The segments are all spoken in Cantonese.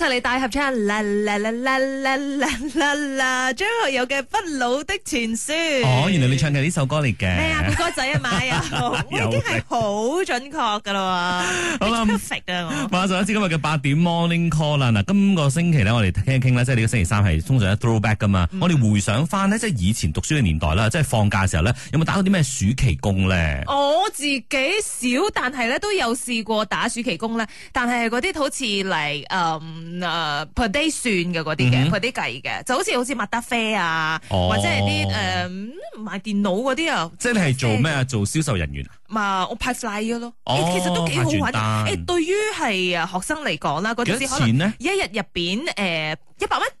出嚟大合唱啦啦啦啦啦啦啦！張學友嘅《不老的傳說》哦，原來你唱嘅呢首歌嚟嘅咩啊？唔仔晒啊，馬啊！ 我已經係 好準確噶啦，好啦。馬上一次今日嘅八點 morning call 啦。嗱， 今個星期咧，我哋聽一傾咧，即係呢個星期三係通常一 throwback 噶嘛。嗯、我哋回想翻咧，即係以前讀書嘅年代啦，即係放假嘅時候咧，有冇打過啲咩暑期工咧？我自己少，但係咧都有試過打暑期工咧，但係嗰啲好似嚟誒。嗯誒、uh, per day 算嘅，嗰啲嘅 per day 計嘅，就好似好似麥德菲啊、oh.，或者係啲誒賣電腦嗰啲啊。即係做咩啊？做銷售人員啊？嘛、uh,，我派 fly 嘅咯。Oh, 其實都幾好玩的，誒、哎、對於係誒學生嚟講啦，嗰啲錢咧，一一日入邊誒一百蚊。呃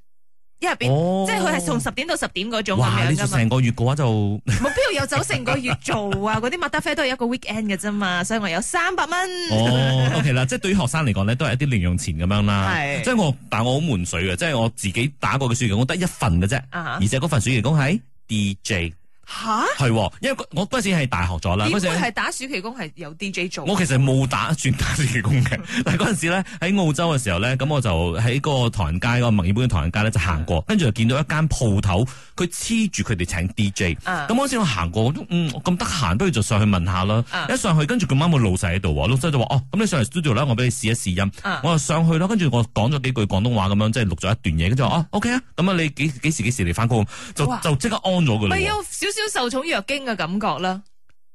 一入邊，即係佢係從十點到十點嗰種咁樣噶嘛。成個月嘅話就冇必要又走成個月做啊！嗰啲麥當菲都係一個 weekend 嘅啫嘛，所以我有三百蚊。哦，OK 啦， 即係對於學生嚟講咧，都係一啲零用錢咁樣啦。係，即係我，但係我好悶水嘅，即係我自己打過嘅暑期工，我得一份嘅啫、啊。而且嗰份暑期工係 DJ。吓，係、哦，因為我嗰陣時係大學咗啦，點會係打暑期工係由 D J 做？我其實冇打算打暑期工嘅， 但係嗰陣時咧喺澳洲嘅時候咧，咁我就喺個唐人街嗰個墨爾本唐人街咧就行過，跟住就見到一間鋪頭，佢黐住佢哋請 D J，咁、啊、嗰陣我行過，咁得閒不如就上去問下啦、啊，一上去跟住咁啱我老細喺度，老細就話哦，咁你上嚟 studio 啦，我俾你試一試音、啊，我就上去啦，跟住我講咗幾句廣東話咁樣，即係錄咗一段嘢，跟住哦，OK 啊，咁啊你幾幾時幾時嚟翻工？就就即刻安咗佢咯。都受寵若驚嘅感覺啦，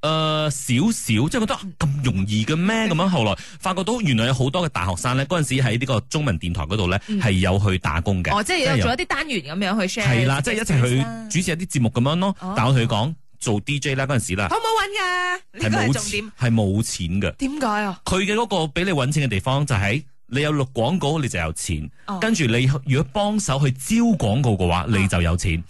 誒、呃，少少，即、就、係、是、覺得咁容易嘅咩？咁樣後來發覺到原來有好多嘅大學生咧，嗰陣時喺呢個中文電台嗰度咧，係有去打工嘅。哦，即係有做一啲單元咁樣去 share。係啦，即、就、係、是、一齊去主持一啲節目咁樣咯、哦。但我同佢講做 D J 啦，嗰陣時啦，好唔好搵噶？係冇錢，係冇錢嘅。點解啊？佢嘅嗰個俾你搵錢嘅地方就係你有錄廣告，你就有錢。哦、跟住你如果幫手去招廣告嘅話，你就有錢。哦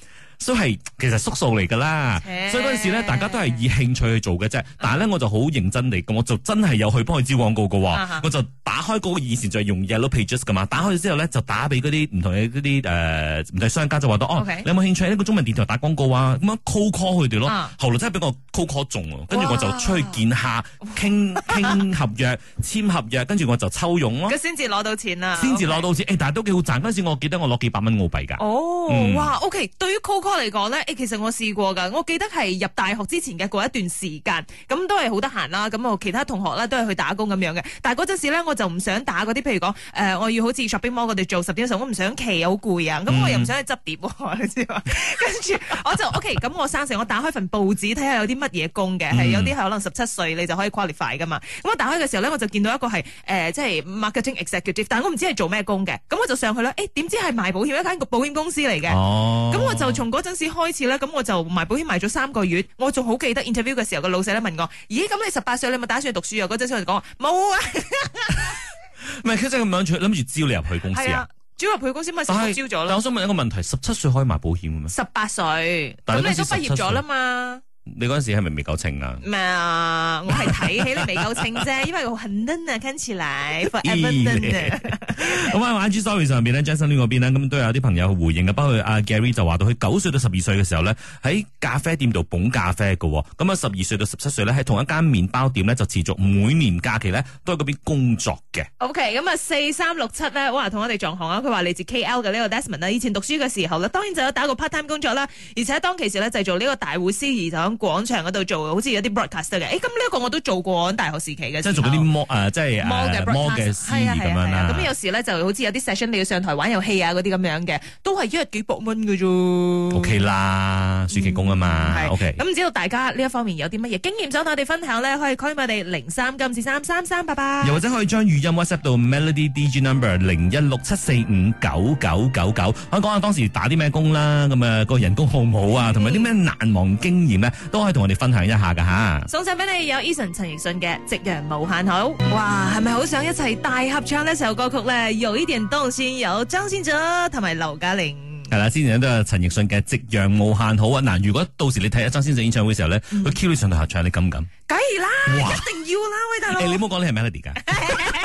都係其實縮數嚟噶啦，所以嗰陣時咧大家都係以興趣去做嘅啫。但係咧我就好認真嚟，我就真係有去幫佢招廣告噶。我就打開嗰個以前就係用 Yellow Pages 噶嘛，打開咗之後咧就打俾嗰啲唔同嘅嗰啲誒唔使商家就話到哦，okay. 你有冇興趣呢一、那個中文電台打廣告啊？咁樣 call call 佢哋咯、啊。後來真係俾我 call call 中，跟住我就出去見下，傾傾合約，簽 合約，跟住我就抽佣咯。佢先至攞到錢啦。先至攞到錢，okay. 但係都幾好賺。嗰陣時我記得我攞幾百蚊澳幣噶。哦、oh, 嗯，哇，OK，對於嚟講咧，誒，其實我試過噶，我記得係入大學之前嘅過一段時間，咁都係好得閒啦，咁我其他同學啦都係去打工咁樣嘅。但係嗰陣時咧，我就唔想打嗰啲，譬如講，誒、呃，我要好似 shopping mall 度做十點時候，我唔想企好攰啊，咁我又唔想去執碟、嗯，你知嘛？跟 住我就，ok，咁我生成，我打開份報紙睇下有啲乜嘢工嘅，係、嗯、有啲係可能十七歲你就可以 qualify 噶嘛。咁我打開嘅時候咧，我就見到一個係，誒、呃，即、就、係、是、marketing executive，但我唔知係做咩工嘅。咁我就上去啦，誒、欸，點知係賣保險一間個保險公司嚟嘅。咁、哦、我就從嗰陣時開始咧，咁我就賣保險賣咗三個月，我仲好記得 interview 嘅時候，個老細咧問我，咦，咁你十八歲你咪打算去讀書啊？嗰陣時我講冇啊，咪佢其實咁樣諗住招你入去公司啊？招入去公司咪先招咗啦。我想問一個問題，十七歲可以賣保險嘅咩？十八歲，咁你，你都畢業咗啦嘛？你嗰陣時係咪未夠秤啊？唔係啊，我係睇起你未夠秤啫，因為我很 d n 啊，跟起來 forever 啊。咁啊，IG story 上邊呢，Jason Lee 嗰邊呢，咁都有啲朋友去回應嘅，包括阿 Gary 就話到，佢九歲到十二歲嘅時候呢，喺咖啡店度捧咖啡喎。咁啊，十二歲到十七歲呢，喺同一間麵包店呢，就持續每年假期呢，都喺嗰邊工作嘅。OK，咁啊，四三六七咧，哇同我哋撞行啊。佢話嚟自 KL 嘅呢個 Desmond 啦，以前讀書嘅時候呢，當然就有打過 part time 工作啦，而且當其時呢，就做呢個大護師而廣場嗰度做，好似有啲 broadcaster 嘅。咁、欸、呢個我都做過喺大學時期嘅，即係做嗰啲模誒，即係模嘅模嘅事業咁樣啦。咁、啊啊嗯、有時咧就好似有啲 session 你要上台玩遊戲啊嗰啲咁樣嘅，都係一日幾百蚊嘅啫。O、okay、K 啦，暑期工啊嘛。O、嗯、K。咁唔、okay 嗯、知道大家呢一方面有啲乜嘢經驗想同我哋分享咧？可以 call 我哋零三金士三三三八八，又或者可以將語音 WhatsApp 到 Melody DG number 零一六七四五九九九九。可以講下當時打啲咩工啦？咁啊，個人工好唔好啊？同埋啲咩難忘經驗咧？都可以同我哋分享一下噶吓、啊，送上俾你有 Eason 陳奕迅嘅《夕陽無限好》，哇，係咪好想一齊大合唱呢首歌曲咧？由呢段當先有張先進同埋劉嘉玲，係啦，之前都係陳奕迅嘅《夕陽無限好》啊。嗱，如果到時你睇下張先進演唱會嘅時候咧，佢、嗯、call 你上台合唱，你敢唔敢？梗係啦，一定要啦，喂大、欸、你唔好講你係 melody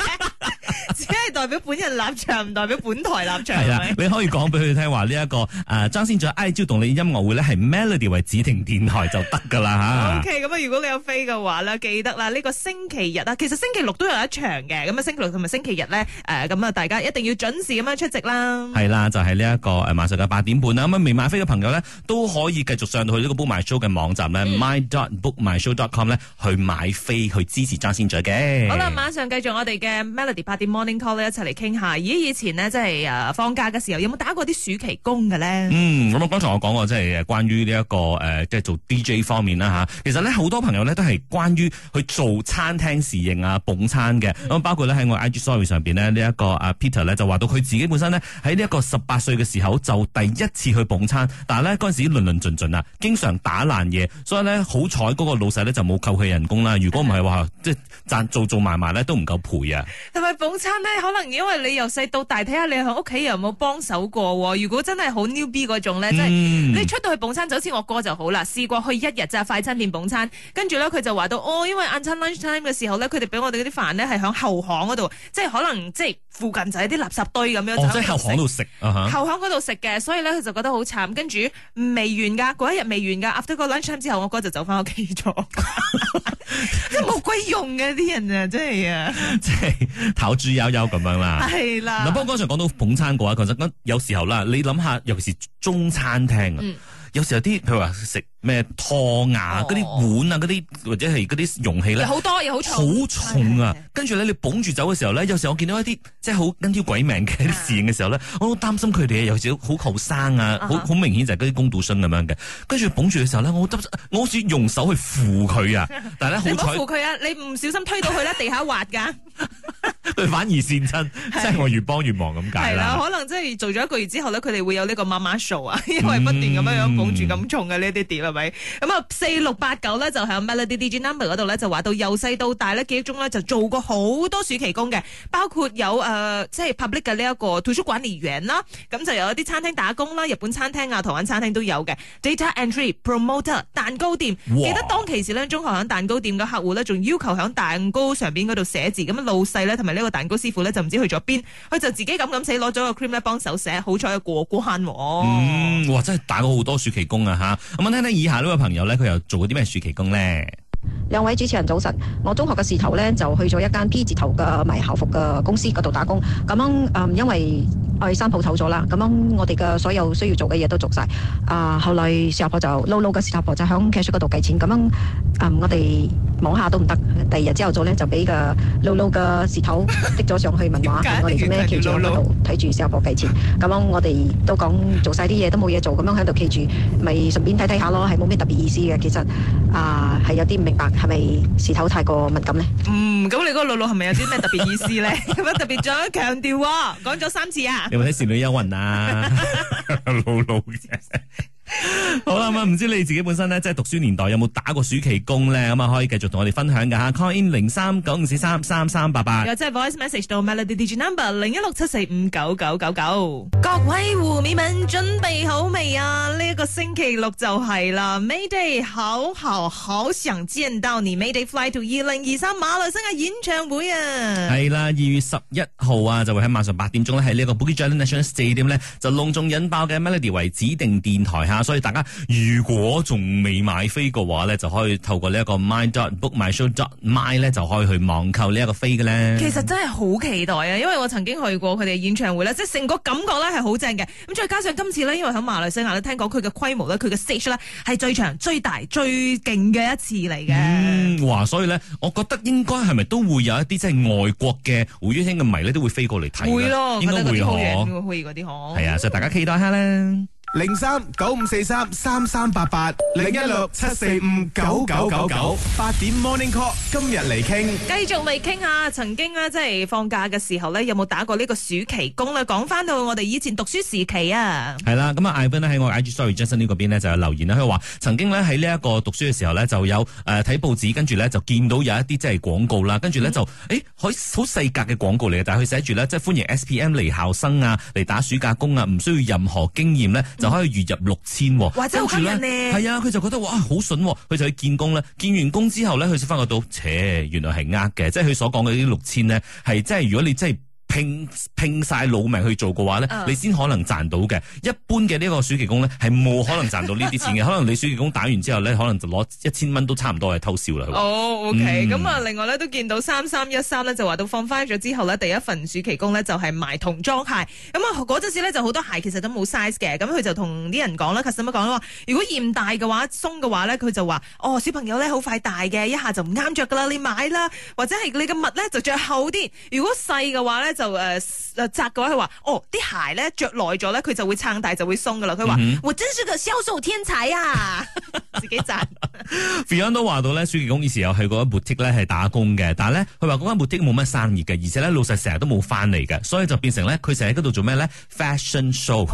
代表本人立場唔代表本台立場。係 啦，你可以講俾佢聽話呢一個誒、 呃、張先俊 I G 動力音樂會咧，係 Melody 為指定電台就得㗎啦。 OK，咁啊，如果你有飛嘅話咧，記得啦，呢個星期日啊，其實星期六都有一場嘅。咁啊，星期六同埋星期日咧，誒咁啊，大家一定要準時咁樣出席啦。係啦，就係呢一個誒晚上嘅八點半啦。咁啊，未買飛嘅朋友咧，都可以繼續上到去呢個 Book My Show 嘅網站咧、嗯、，my dot book my show dot com 咧，去買飛去支持張先俊嘅。好啦，晚上繼續我哋嘅 Melody 八點 Morning Call 一齊嚟，傾下，咦？以前呢，即係誒放假嘅時候，有冇打過啲暑期工嘅咧？嗯，咁啊，剛才我講過，即係關於呢、這、一個誒，即、呃、係做 DJ 方面啦吓。其實咧，好多朋友咧都係關於去做餐廳侍應啊、捧餐嘅。咁、嗯、包括咧喺我 IG Story 上邊、這個、呢，呢一個阿 Peter 咧就話到佢自己本身呢，喺呢一個十八歲嘅時候就第一次去捧餐，但係呢，嗰陣時論論盡盡啊，經常打爛嘢，所以呢，好彩嗰個老細呢就冇扣佢人工啦。如果唔係話，即係賺做做埋埋呢都唔夠賠啊。同埋捧餐呢。可能因為你由細到大睇下你喺屋企有冇幫手過喎。如果真係好 newbie 嗰種咧，即、嗯、係、就是、你出到去捧餐就好似我哥就好啦。試過去一日就係快餐店捧餐，跟住咧佢就話到哦，因為晏餐 lunch time 嘅時候咧，佢哋俾我哋嗰啲飯咧係響後巷嗰度，即係可能即係。附近就喺啲垃圾堆咁樣、哦、就食，後巷嗰度食嘅，uh -huh. 所以咧佢就覺得好慘。跟住未完噶，嗰一日未完噶。after 個 lunch time 之後，我哥就走翻屋企咗， 真冇鬼用嘅啲人啊，真係啊，即係頭豬悠悠咁樣 啦，係啦。嗱，不過剛才講到捧餐嘅話，其實有有時候啦，你諗下，尤其是中餐廳啊、嗯，有時候啲譬如話食。咩拖牙嗰啲碗啊，嗰啲或者係嗰啲容器咧，好多嘢，好重，好重啊！跟住咧，你捧住走嘅時候咧，有時候我見到一啲即係好跟條鬼命嘅啲侍應嘅時候咧，我好擔心佢哋有時好後生啊，好、uh、好 -huh. 明顯就係嗰啲工讀生咁樣嘅。跟住捧住嘅時候咧，我我好似用手去扶佢啊，但係咧好彩， 你要扶佢啊，你唔小心推到佢咧， 地下滑噶， 反而跣親，即係我越幫越忙咁解係。係啦，可能即係做咗一個月之後咧，佢哋會有呢個媽媽 show 啊，因為不斷咁樣樣捧住咁重嘅呢啲碟係咪？咁啊，四六八九咧就喺 Melody Digi Number 嗰度咧，就話到由細到大咧記憶中咧就做過好多暑期工嘅，包括有誒、呃、即係 public 嘅呢一個圖書管理員啦，咁就有一啲餐廳打工啦，日本餐廳啊、台灣餐廳都有嘅。Data Entry Promoter 蛋糕店，記得當其時咧中學響蛋糕店嘅客戶咧，仲要求響蛋糕上邊嗰度寫字，咁老細咧同埋呢個蛋糕師傅咧就唔知去咗邊，佢就自己咁咁死攞咗個 cream 呢幫手寫，好彩過關、啊嗯。哇，真係打過好多暑期工啊吓！咁我聽聽。以下呢位朋友咧，佢又做過啲咩暑期工咧？兩位主持人早晨，我中學嘅時頭咧就去咗一間 P 字頭嘅賣校服嘅公司嗰度打工。咁樣，嗯，因為我哋三鋪頭咗啦，咁樣我哋嘅所有需要做嘅嘢都做晒。啊，後來士阿婆就撈撈嘅士阿婆就響 cash 出嗰度計錢。咁樣，嗯，我哋。望下都唔得，第二日朝頭早咧就俾個露露嘅舌頭滴咗上去問話，我哋做咩企住喺度睇住小博計錢？咁樣我哋都講做晒啲嘢，都冇嘢做，咁樣喺度企住，咪順便睇睇下咯，係冇咩特別意思嘅。其實啊，係有啲唔明白，係咪舌頭太過敏感咧？嗯，咁你嗰個露露係咪有啲咩特別意思咧？ 有咩特別再強調？講咗三次啊！有冇睇《倩女幽魂》啊？ 露露好啦，咁 唔、嗯、知你自己本身咧，即係讀書年代有冇打過暑期工咧？咁、嗯、啊，可以繼續同我哋分享噶吓、啊、，call in 零三九五四三三三八八，又即係 voice message 到 Melody Digital Number 零一六七四五九九九九。各位胡美敏準備好未啊？呢、這、一個星期六就係啦，May Day，好好好想見到你，May Day fly to 二零二三馬來西亞演唱會啊！係啦，二月十一號啊，就會喺晚上八點鐘呢，喺呢個 Bukit Jalil National 四點呢，就隆重引爆嘅 Melody 為指定電台吓。所以大家如果仲未買飛嘅話咧，就可以透過呢一個 My dot Book My Show dot My 咧，就可以去網購呢一個飛嘅咧。其實真係好期待啊！因為我曾經去過佢哋嘅演唱會咧，即係成個感覺咧係好正嘅。咁再加上今次咧，因為喺馬來西亞咧，聽講佢嘅規模咧，佢嘅 stage 咧係最長、最大、最勁嘅一次嚟嘅。嗯，哇！所以咧，我覺得應該係咪都會有一啲即係外國嘅胡彥希嘅迷咧，都會飛過嚟睇。會咯，應該會會可。係啊，所以大家期待下咧。零三九五四三三三八八零一六七四五九九九九八點 Morning Call 今日嚟傾，繼續嚟傾啊，曾經啊，即係放假嘅時候咧，有冇打過呢個暑期工咧？講翻到我哋以前讀書時期啊，係啦，咁啊，Ivan 喺我 IG Sorry j u s o n 嗰邊呢，就有留言啦，佢話曾經咧喺呢一個讀書嘅時候咧就有誒睇，呃、報紙，跟住咧就見到有一啲即係廣告啦，跟住咧就，嗯、誒，好好細格嘅廣告嚟嘅，但係佢寫住咧即係歡迎 S P M 嚟校生啊，嚟打暑假工啊，唔需要任何經驗咧。就可以月入六千、哦，跟住咧，係啊，佢就覺得哇好筍，佢、哦、就去見工啦，見完工之後咧，佢先發覺到，切原來係呃嘅，即係佢所講嘅呢啲六千咧，係即係如果你即係。拼拼曬老命去做嘅話咧，uh -huh. 你先可能賺到嘅。一般嘅呢個暑期工咧，係冇可能賺到呢啲錢嘅。 可能你暑期工打完之後咧，可能就攞一千蚊都差唔多係偷笑啦。哦、oh，OK，咁、嗯、啊，另外咧都見到三三一三咧就話到放返咗之後咧，第一份暑期工咧就係、是、賣童裝鞋。咁啊嗰陣時咧就好多鞋其實都冇 size 嘅，咁佢就同啲人講啦，佢咁樣講啦話：如果嫌大嘅話，鬆嘅話咧，佢就話：哦，小朋友咧好快大嘅，一下就唔啱着噶啦，你買啦。或者係你嘅襪咧就着厚啲。如果細嘅話咧。就誒誒、呃、扎嘅話，佢話哦啲鞋咧着耐咗咧，佢就會撐大就會鬆噶啦。佢話、嗯、我真是個銷售天才啊！ 自己扎。Beyond 都話說到咧，舒 淇公以前又去過一 boutique 咧係打工嘅，但係咧佢話嗰間 boutique 冇乜生意嘅，而且咧老細成日都冇翻嚟嘅，所以就變成咧佢成日喺嗰度做咩咧？Fashion show，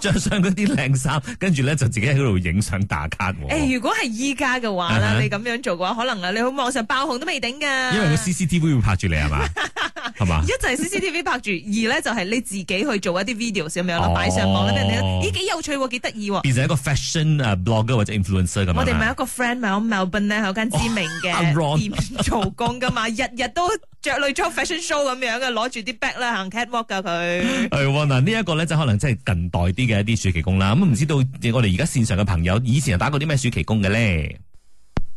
着、oh! 上嗰啲靚衫，跟住咧就自己喺嗰度影相打卡。誒、呃，如果係依家嘅話， 你咁樣做嘅話，可能你喺網上爆紅都未頂噶，因為佢 CCTV 會，會拍住你係嘛，係嘛，一 是吧 T.V. 拍住，二咧就係、是、你自己去做一啲 videos，有冇擺擺上網咧，你咦幾有趣喎，幾得意喎。變成一個 fashion blogger 或者 influencer 咁樣？我哋咪有一個 friend 咪我 Melbourne 咧，喺間知名嘅店、哦啊、做工噶嘛，日 日都着女裝 fashion show 咁樣嘅，攞住啲 bag 啦，行 catwalk 啊佢。係、哎、喎，嗱呢一個咧就可能真係近代啲嘅一啲暑期工啦。咁唔知道我哋而家線上嘅朋友以前係打過啲咩暑期工嘅咧？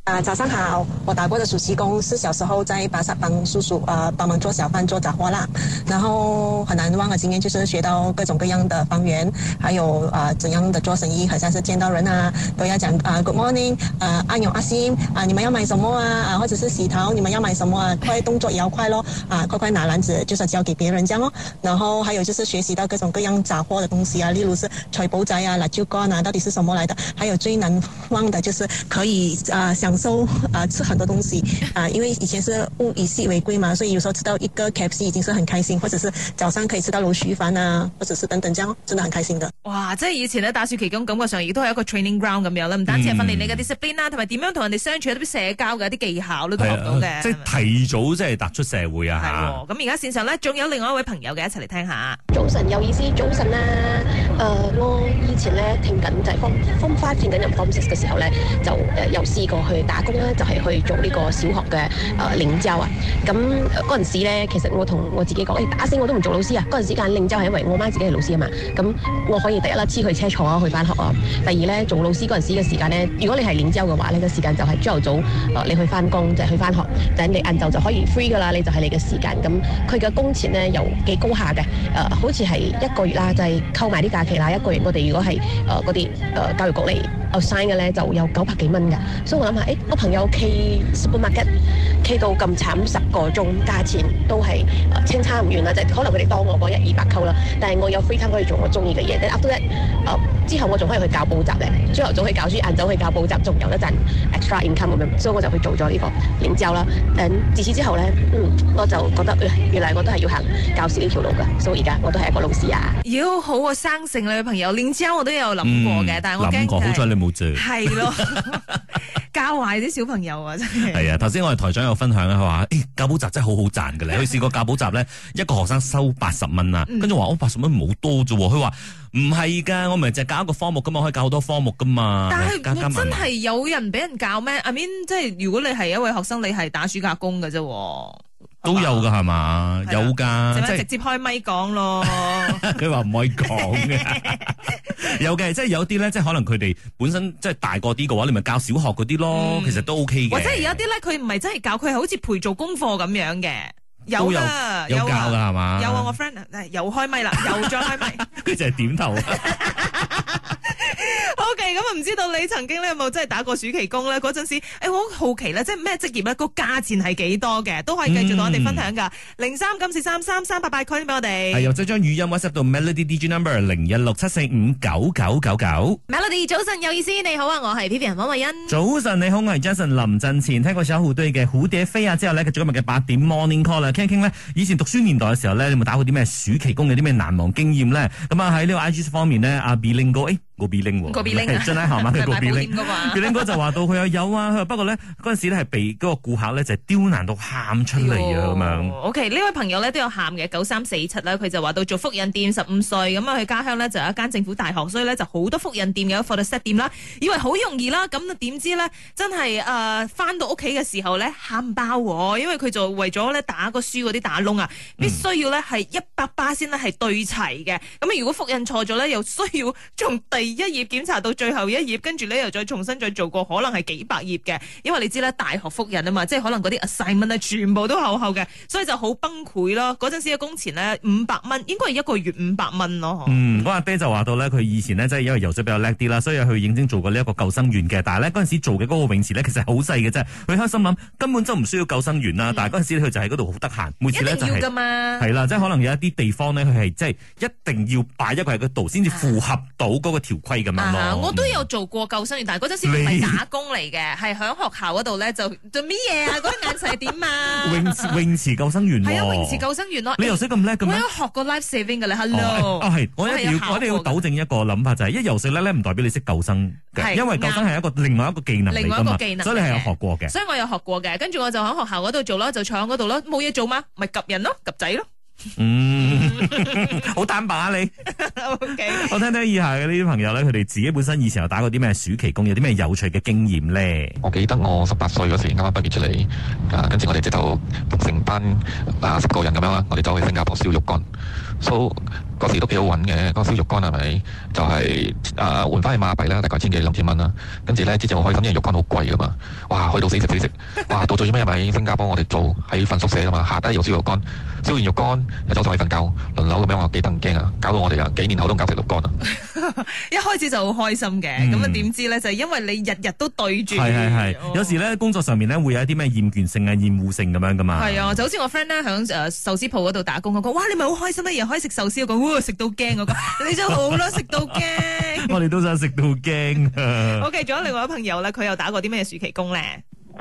啊，早上好！我打過的暑期工是小時候在巴剎幫叔叔啊、呃、幫忙做小販做雜貨啦。然後很難忘啊，今天就是學到各種各樣的方言還有啊、呃、怎樣的做生意，好像是見到人啊都要講啊、呃、Good morning 啊阿勇阿星，啊你們要買什麼啊啊或者是喜糖，你們要買什麼啊，快動作也要快咯啊、呃、快快拿籃子就是交給別人這樣哦。然後還有就是學習到各種各樣雜貨的東西啊，例如是脆薄仔啊、辣椒乾啊，到底是什麼來的？還有最難忘的就是可以啊、呃、想。收啊，吃很多東西啊，uh, 因為以前是物以稀為貴嘛，所以有時候吃到一個 KFC 已經是很開心，或者是早上可以吃到老鼠飯啊，或者是等等將，這樣真的很開心噶。哇，即係以前呢，打暑期工，感覺上亦都係一個 training ground 咁樣啦，唔單止係訓練你嗰啲 discipline 啦，同埋點樣同人哋相處一啲社交嘅啲技巧都，都學到嘅、啊。即係提早即係踏出社會啊，係、哦。咁而家線上呢，仲有另外一位朋友嘅一齊嚟聽下。早晨有意思，早晨啦、啊。誒、呃，我以前呢，聽緊就係 form form five 聽緊入 form six 嘅時候呢，就誒、呃、有試過去。打工啦，就係、是、去做呢個小學嘅誒領州啊。咁嗰陣時咧，其實我同我自己講，誒、欸、打死我都唔做老師啊！嗰陣時間領州係因為我媽自己係老師啊嘛。咁我可以第一啦，黐佢車坐啊，去翻學啊。第二咧，做老師嗰陣時嘅時間咧，如果你係領州嘅話呢，個時間就係朝頭早誒、呃、你去翻工，就係、是、去翻學，等你晏晝就可以 free 噶啦，你就係你嘅時間。咁佢嘅工錢咧又幾高下嘅，誒、呃、好似係一個月啦，就係、是、扣埋啲假期啦，一個月我哋如果係誒嗰啲誒教育局嚟 assign 嘅咧，就有九百幾蚊嘅。所以我諗下。誒、欸，我朋友 K supermarket，K 到咁慘十個鐘，價錢都係、呃、清差唔遠啦，即係可能佢哋多我嗰一二百扣啦。但係我有 freetime 可以做我中意嘅嘢，你 u p d a 之後我仲可以去教補習咧，朝頭早去教書，晏晝去教補習，仲有得賺 extra income 咁樣，所以我就去做咗呢個領教啦。自此之後咧、嗯，我就覺得、呃、原來我都係要行教師呢條路噶，所以而家我都係一個老師啊。果好啊，我生性你嘅朋友，領教我都有諗過嘅、嗯，但係我諗過好彩你冇做。係咯。 教壞啲小朋友啊，真係。係啊，頭先我哋台長有分享啊，佢話誒，教補習真係好好賺嘅。你去試過教補習咧， 一個學生收八十蚊啊，跟住話我八十蚊冇多啫。佢話唔係噶，我咪淨係教一個科目噶嘛，可以教好多科目噶嘛。但係我真係有人俾人教咩？阿 I mean，mean, 即係如果你係一位學生，你係打暑假工嘅啫。都有噶係嘛，有噶、就是，直接開咪講咯。佢話唔可以講嘅， 有嘅，即、就、係、是、有啲咧，即、就、係、是、可能佢哋本身即係、就是、大個啲嘅話，你咪教小學嗰啲咯、嗯，其實都 OK 嘅。或者有啲咧，佢唔係真係教，佢係好似陪做功課咁樣嘅，有啊，有教噶係嘛。有啊，有我 friend 又開咪啦，又再開咪，佢 就係點頭。 OK，咁啊，唔知道你曾經咧有冇真係打過暑期工咧？嗰陣時，誒，我好奇咧，即係咩職業咧？個價錢係幾多嘅？都可以繼續同我哋分享噶。零三今次三三三八八 call 俾我哋。係又即將語音 WhatsApp 到 Melody DJ Number 零一六七四五九九九九。Melody 早晨，有意思，你好啊，我係 P P 人黃慧欣。早晨，你好我係 Jason。臨陣前聽過小虎隊嘅《蝴蝶飛》啊，之後咧，繼續今日嘅八點 morning call 啦，傾一傾呢。以前讀書年代嘅時候呢，你有冇打過啲咩暑期工？有啲咩難忘經驗呢？咁啊，喺呢個 I G 方面呢，阿 B l i n 哥個別拎、啊啊、 真係喊埋去個拎噶嘛？拎哥就話到佢有有啊， 不過咧嗰陣時咧係被嗰個顧客咧就是、刁難到喊出嚟啊咁、哎、樣。O K 呢位朋友咧都有喊嘅，九三四七啦，佢就話到做複印店十五歲，咁啊佢家鄉咧就有一間政府大學，所以咧就好多複印店有一 photostat 店啦，以為好容易啦，咁點知咧真係誒翻到屋企嘅時候咧喊爆，因為佢就為咗咧打個書嗰啲打窿啊，必須要咧係一百巴仙呢，係對齊嘅，咁、嗯、如果複印錯咗咧又需要從第。一頁檢查到最後一頁，跟住咧又再重新再做過，可能係幾百頁嘅。因為你知咧，大學複印啊嘛，即係可能嗰啲細蚊咧全部都厚厚嘅，所以就好崩潰咯。嗰陣時嘅工錢咧五百蚊，應該係一個月五百蚊咯。嗯，阿爹就話到呢，佢以前呢，即係因為游水比較叻啲啦，所以去應徵做過一個救生員嘅。但係咧嗰陣時做嘅嗰個泳池呢，其實好細嘅啫。佢開心諗，根本就唔需要救生員啦、嗯。但係嗰陣時咧，佢就喺嗰度好得閒，每次呢、就是、要㗎嘛。係啦，即係可能有一啲地方呢，佢係即係一定要擺一個喺嗰度，先至符合到嗰個條規咁樣咯，我都有做過救生員，但係嗰陣時唔係打工嚟嘅，係喺學校嗰度咧就做乜嘢啊？嗰陣眼勢係點啊？泳泳池救生員，係啊泳池救生員咯。你游水咁叻噶咩？我學過 life saving 噶咧，hello。哦係，我一定要我一定要糾正一個諗法就係，一游水叻咧唔代表你識救生嘅，因為救生係一個另外一個技能嚟噶嘛。所以你係有學過嘅，所以我有學過嘅。跟住我就喺學校嗰度做咯，就坐喺嗰度咯，冇嘢做嘛？咪扱人咯，扱仔咯。嗯，好 坦白啊！你， okay. 我聽聽以下嘅呢啲朋友咧，佢哋自己本身以前又打過啲咩暑期工，有啲咩有趣嘅經驗咧？我記得我十八歲嗰時候，啱啱畢業出嚟，啊，着們就就跟住我哋即係成班啊十個人咁樣啦，我哋走去新加坡燒肉乾，燒、so, 嗰時都幾好搵嘅，嗰、嗰個燒肉乾係咪就係、是、啊換翻去馬幣啦，大概千幾、兩千蚊啦。跟住咧，真我開心，因為肉乾好貴㗎嘛。哇，去到死食死食。哇，到最尾咩？係 咪喺新加坡我哋做喺瞓宿舍啊嘛，下低又燒肉乾，燒完肉乾又走上去瞓覺，輪流咁樣我幾得唔驚啊！搞到我哋啊幾年後都唔搞食肉乾啊！ 一開始就好開心嘅，咁啊點知咧就係、是、因為你日日都對住，係係係。哦、有時咧工作上面咧會有一啲咩厭倦性啊厭惡性，咁樣㗎嘛。係啊，就好似我 friend 咧喺誒壽司鋪嗰度打工嗰個，哇！你咪好開心啊，又可以食壽司食、哦、到驚 我個，你真好啦。食到驚，我哋都想食到驚。O K，仲有另外一朋友咧，佢有打過啲咩暑期工咧？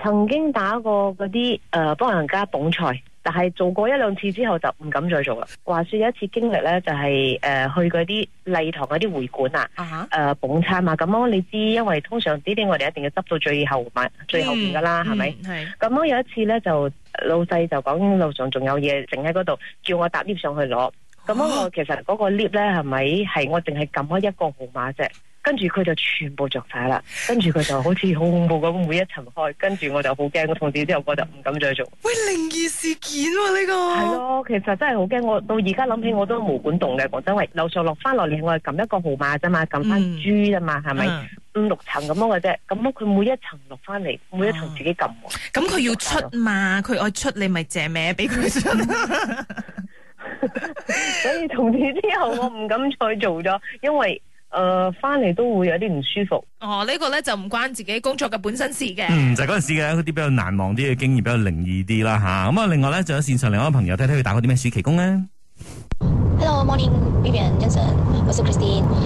曾經打過嗰啲誒，幫、呃、人家捧菜，但係做過一兩次之後就唔敢再做啦。話說有一次經歷咧，就係、是、誒、呃、去嗰啲禮堂嗰啲會館啊，誒、uh、捧 -huh. 呃、餐啊，咁樣你知，因為通常呢啲我哋一定要執到最後埋、mm -hmm. 最後面噶啦，係、mm、咪 -hmm.？係、嗯。咁樣有一次咧，就老細就講路上仲有嘢剩喺嗰度，叫我搭 lift 上去攞。咁、哦、我其實嗰個 lift 咧係咪係我淨係撳開一個號碼啫，跟住佢就全部着晒啦。跟住佢就好似好恐怖咁，每一層開，跟住我就好驚。我從此之後我就唔敢再做。喂，靈異事件喎、啊、呢、呢個？係咯，其實真係好驚。我到而家諗起我都冇管動嘅，我真係樓上落翻落嚟，我係撳一個號碼啫嘛，撳翻 G 啫嘛，係咪五六層咁樣嘅啫？咁啊，佢每一層落翻嚟，每一層自己撳。咁、啊、佢要出嘛？佢、嗯、愛出你咪借名俾佢？出。 所以從此之後我唔敢再做咗，因為誒翻嚟，都會有啲唔舒服。哦，呢個咧就唔關自己工作嘅本身事嘅。嗯，就係嗰陣時嘅啲比較難忘啲嘅經驗，比較靈異啲啦吓。咁啊，另外咧就有綫上另外個朋友，睇睇佢打過啲咩暑期工咧。Hello, morning, Vivian Johnson, I'm Christine.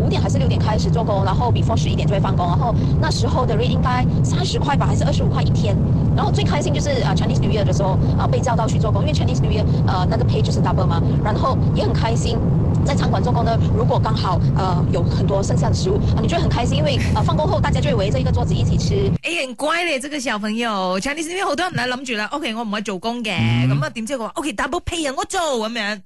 五點還是六點開始做工，然後 before 十一點就會放工，然後那時候的 rate 應該三十塊吧，還是二十五塊一天。然後最開心就是啊、呃、Chinese New Year 的時候啊、呃、被叫到去做工，因為 Chinese New Year，呃那個 pay 是 double 嘛，然後也很開心。在餐館做工呢，如果剛好呃有很多剩下的食物、呃，你就會很開心，因為啊放工後大家就會圍著一個桌子一起吃。 哎呀，乖咧，這個小朋友 Chinese New Year 好多人咧諗住啦，OK 我唔會做工嘅，咁啊點知我話 OK double pay 啊，我做咁樣。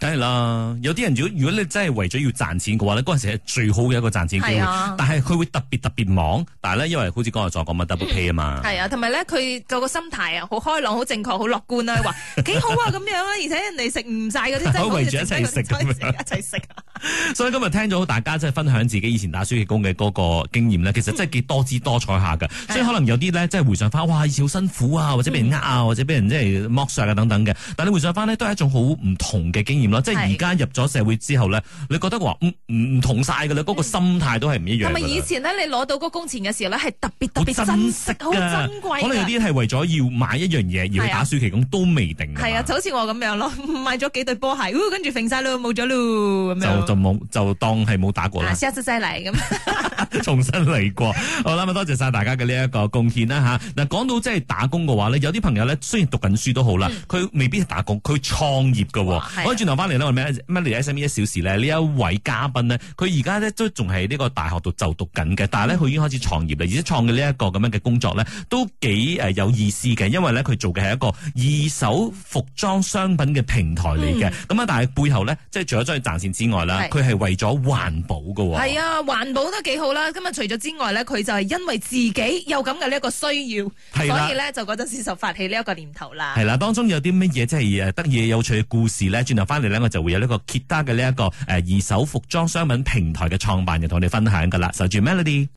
梗係啦，有啲人如果如果你真係為咗要賺錢嘅話咧，嗰陣時係最好嘅一個賺錢機會。啊、但係佢會特別特別忙。但係咧，因為好似剛才所講嘅 double pay 啊嘛。係啊，同埋咧佢個個心態啊，好開朗、好正確、好樂觀啊，話 幾好啊咁樣啊。 而且人哋食唔晒嗰啲，我為咗一齊食咁一齊食。所以，啊、 所以今日聽咗大家即係分享自己以前打暑期工嘅嗰個經驗咧、嗯，其實真係幾多姿多彩下嘅、嗯。所以可能有啲咧即係回想翻哇，以前好辛苦啊，或者俾人呃啊、嗯，或者俾人即係剝削啊等等嘅、嗯。但係你回想翻咧，都係一種好唔同嘅經驗。即係而家入咗社會之後咧，你覺得話唔唔同晒噶啦，嗰、嗰個心態都係唔一樣係咪？嗯、以前咧，你攞到嗰工錢嘅時候咧，係特別特別珍惜，好珍貴。可能有啲係為咗要買一樣嘢，而去打暑期工都未定。係啊，就好似我咁樣咯，買咗幾對波鞋，嗯、跟住甩晒咯，冇咗咯咁樣。就就冇就當係冇打過啦。下次再嚟咁， 重新嚟過。好啦，多謝晒大家嘅呢一個貢獻啦吓。嗱，講到即係打工嘅話呢，有啲朋友咧，雖然讀緊書都好啦，佢、嗯、未必係打工，佢創業噶。轉、哦、頭。翻嚟咧，咩咩嚟？SME 一小時咧，呢一位嘉賓咧，佢而家咧都仲係呢個大學度就讀緊嘅，但係咧佢已經開始創業啦，而且創嘅呢一個咁樣嘅工作咧，都幾誒有意思嘅，因為咧佢做嘅係一個二手服裝商品嘅平台嚟嘅，咁、嗯、啊，但係背後咧，即係除咗出去賺錢之外啦，佢係為咗環保嘅喎。係啊，環保都幾好啦。今日除咗之外咧，佢就係因為自己有咁嘅呢一個需要，啊、所以咧就嗰陣時就發起呢一個念頭啦。係啦、啊，當中有啲乜嘢即係誒得意有趣嘅故事咧？轉頭翻嚟。呢我就會有呢個其他嘅呢一個誒二手服裝商品平台嘅創辦人同我哋分享噶啦，守住 Melody。